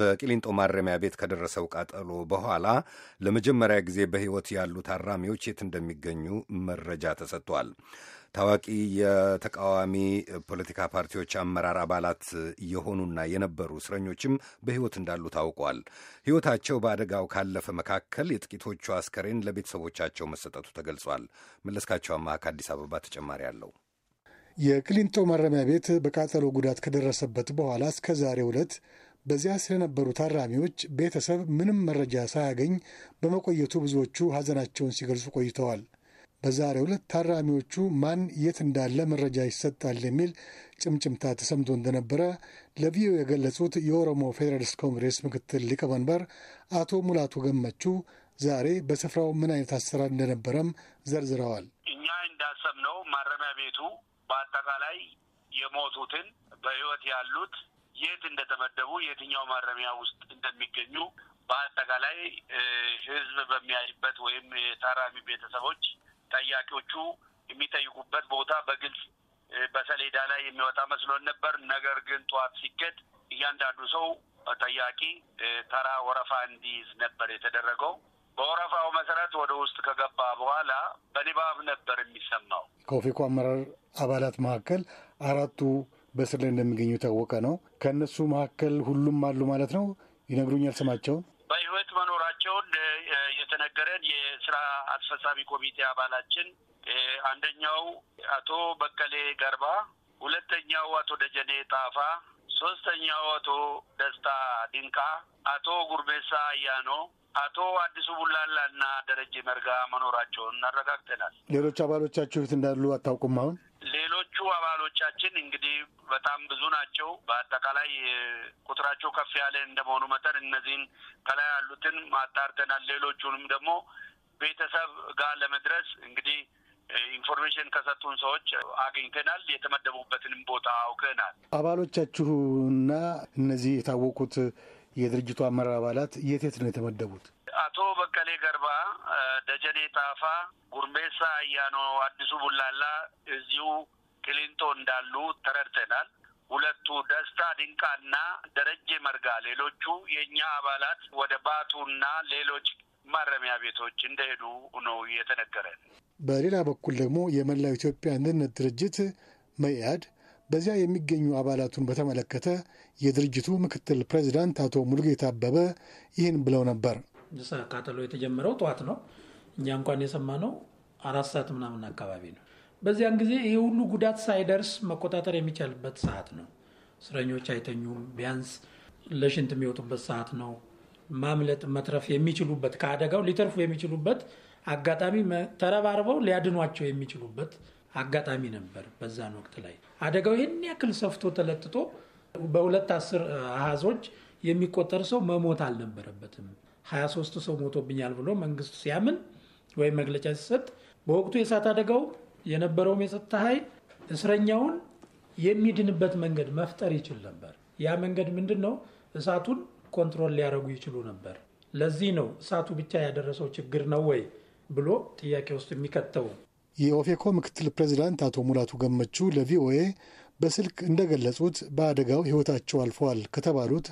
በቂሊንጦ ማረሚያ ቤት ከደረሰው ቃጠሎ በኋላ ለመጀመሪያ ጊዜ በሕይወት ያሉ ታራሚዎች የት እንደሚገኙ መረጃ ተሰጥቷል። ታዋቂ የተቃዋሚ ፖለቲካ ፓርቲዎች አመራር አባላት የሆኑና የነበሩ እስረኞችም በሕይወት እንዳሉ ታውቋል። ሕይወታቸው በአደጋው ካለፈ መካከል የጥቂቶቹ አስከሬን ለቤተሰቦቻቸው መሰጠቱ ተገልጿል። መለስካቸው አማህ ከአዲስ አበባ ተጨማሪ አለው። የክሊንቶ ማረሚያ ቤት በቃጠሎ ጉዳት ከደረሰበት በኋላ እስከ ዛሬ ዕለት በዚያ ስለነበሩ ታራሚዎች ቤተሰብ ምንም መረጃ ሳያገኝ በመቆየቱ ብዙዎቹ ሐዘናቸውን ሲገልጹ ቆይተዋል። በዛሬ ዕለት ታራሚዎቹ ማን የት እንዳለ መረጃ ይሰጣል የሚል ጭምጭምታ ተሰምቶ እንደነበረ ለቪዮ የገለጹት የኦሮሞ ፌዴራሊስት ኮንግሬስ ምክትል ሊቀመንበር አቶ ሙላቱ ገመቹ ዛሬ በስፍራው ምን አይነት አሰራር እንደነበረም ዘርዝረዋል። እኛ እንዳሰብነው ማረሚያ ቤቱ በአጠቃላይ የሞቱትን በህይወት ያሉት የት እንደተመደቡ የትኛው ማረሚያ ውስጥ እንደሚገኙ በአጠቃላይ ህዝብ በሚያይበት ወይም የታራሚ ቤተሰቦች ጠያቂዎቹ የሚጠይቁበት ቦታ በግልጽ በሰሌዳ ላይ የሚወጣ መስሎን ነበር። ነገር ግን ጠዋት ሲገድ እያንዳንዱ ሰው ጠያቂ ተራ ወረፋ እንዲይዝ ነበር የተደረገው። በወረፋው መሰረት ወደ ውስጥ ከገባ በኋላ በንባብ ነበር የሚሰማው። ከኦፌኮ አመራር አባላት መካከል አራቱ በስር ላይ እንደሚገኙ የታወቀ ነው። ከእነሱ መካከል ሁሉም አሉ ማለት ነው። ይነግሩኛል ስማቸውን በህይወት መኖራቸውን የተነገረን የስራ አስፈጻሚ ኮሚቴ አባላችን አንደኛው አቶ በቀሌ ገርባ፣ ሁለተኛው አቶ ደጀኔ ጣፋ ሶስተኛው አቶ ደስታ ድንቃ፣ አቶ ጉርሜሳ አያኖ፣ አቶ አዲሱ ቡላላ ደረጀ መርጋ መኖራቸውን አረጋግጠናል። ሌሎች አባሎቻችሁ የት እንዳሉ አታውቁም? አሁን ሌሎቹ አባሎቻችን እንግዲህ በጣም ብዙ ናቸው። በአጠቃላይ ቁጥራቸው ከፍ ያለ እንደመሆኑ መጠን እነዚህን ከላይ ያሉትን ማጣርተናል። ሌሎቹንም ደግሞ ቤተሰብ ጋር ለመድረስ እንግዲህ ኢንፎርሜሽን ከሰጡን ሰዎች አግኝተናል። የተመደቡበትንም ቦታ አውቀናል። አባሎቻችሁና እነዚህ የታወቁት የድርጅቱ አመራር አባላት የት የት ነው የተመደቡት? አቶ በቀሌ ገርባ፣ ደጀኔ ጣፋ፣ ጉርሜሳ አያኖ፣ አዲሱ ቡላላ እዚሁ ቅሊንጦ እንዳሉ ተረድተናል። ሁለቱ ደስታ ድንቃና ደረጀ መርጋ ሌሎቹ የእኛ አባላት ወደ ባቱና ሌሎች ማረሚያ ቤቶች እንደሄዱ ነው የተነገረን። በሌላ በኩል ደግሞ የመላው ኢትዮጵያ አንድነት ድርጅት መኢአድ በዚያ የሚገኙ አባላቱን በተመለከተ የድርጅቱ ምክትል ፕሬዚዳንት አቶ ሙሉጌታ አበበ ይህን ብለው ነበር። ቃጠሎ የተጀመረው ጠዋት ነው። እኛ እንኳን የሰማነው አራት ሰዓት ምናምን አካባቢ ነው። በዚያን ጊዜ ይህ ሁሉ ጉዳት ሳይደርስ መቆጣጠር የሚቻልበት ሰዓት ነው። እስረኞች አይተኙም። ቢያንስ ለሽንት የሚወጡበት ሰዓት ነው። ማምለጥ መትረፍ የሚችሉበት ከአደጋው ሊተርፉ የሚችሉበት አጋጣሚ ተረባርበው ሊያድኗቸው የሚችሉበት አጋጣሚ ነበር። በዛን ወቅት ላይ አደጋው ይህን ያክል ሰፍቶ ተለጥጦ በሁለት አስር አሃዞች የሚቆጠር ሰው መሞት አልነበረበትም። 23 ሰው ሞቶብኛል ብሎ መንግስት ሲያምን ወይም መግለጫ ሲሰጥ በወቅቱ የእሳት አደጋው የነበረውም የጸጥታ ኃይል እስረኛውን የሚድንበት መንገድ መፍጠር ይችል ነበር። ያ መንገድ ምንድን ነው? እሳቱን ኮንትሮል ሊያደርጉ ይችሉ ነበር። ለዚህ ነው እሳቱ ብቻ ያደረሰው ችግር ነው ወይ ብሎ ጥያቄ ውስጥ የሚከተው። የኦፌኮ ምክትል ፕሬዚዳንት አቶ ሙላቱ ገመቹ ለቪኦኤ በስልክ እንደገለጹት በአደጋው ሕይወታቸው አልፈዋል ከተባሉት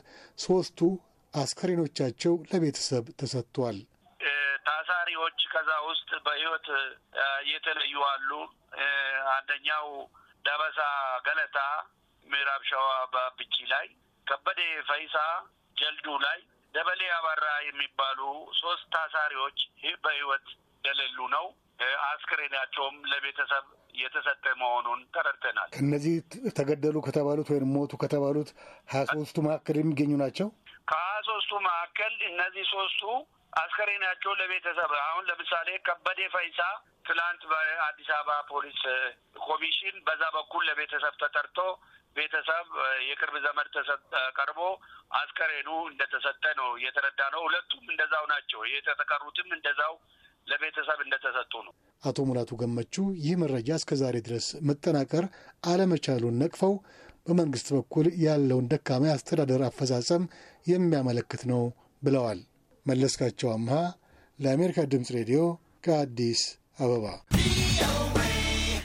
ሶስቱ አስከሬኖቻቸው ለቤተሰብ ተሰጥቷል። ታሳሪዎች ከዛ ውስጥ በሕይወት የተለዩ አሉ። አንደኛው ደበሳ ገለታ ምዕራብ ሸዋ በብቺ ላይ፣ ከበደ ፈይሳ ጀልዱ ላይ ደበሌ አባራ የሚባሉ ሶስት ታሳሪዎች በህይወት የሌሉ ነው። አስክሬናቸውም ለቤተሰብ የተሰጠ መሆኑን ተረድተናል። እነዚህ ተገደሉ ከተባሉት ወይም ሞቱ ከተባሉት ሀያ ሶስቱ መካከል የሚገኙ ናቸው። ከሀያ ሶስቱ መካከል እነዚህ ሶስቱ አስከሬናቸው ለቤተሰብ አሁን ለምሳሌ ከበዴ ፈይሳ ትላንት በአዲስ አበባ ፖሊስ ኮሚሽን በዛ በኩል ለቤተሰብ ተጠርቶ ቤተሰብ የቅርብ ዘመድ ቀርቦ አስከሬኑ እንደተሰጠ ነው እየተረዳ ነው። ሁለቱም እንደዛው ናቸው። የተቀሩትም እንደዛው ለቤተሰብ እንደተሰጡ ነው። አቶ ሙላቱ ገመቹ ይህ መረጃ እስከ ዛሬ ድረስ መጠናቀር አለመቻሉን ነቅፈው በመንግስት በኩል ያለውን ደካማ አስተዳደር አፈጻጸም የሚያመለክት ነው ብለዋል። መለስካቸው አምሃ ለአሜሪካ ድምፅ ሬዲዮ ከአዲስ አበባ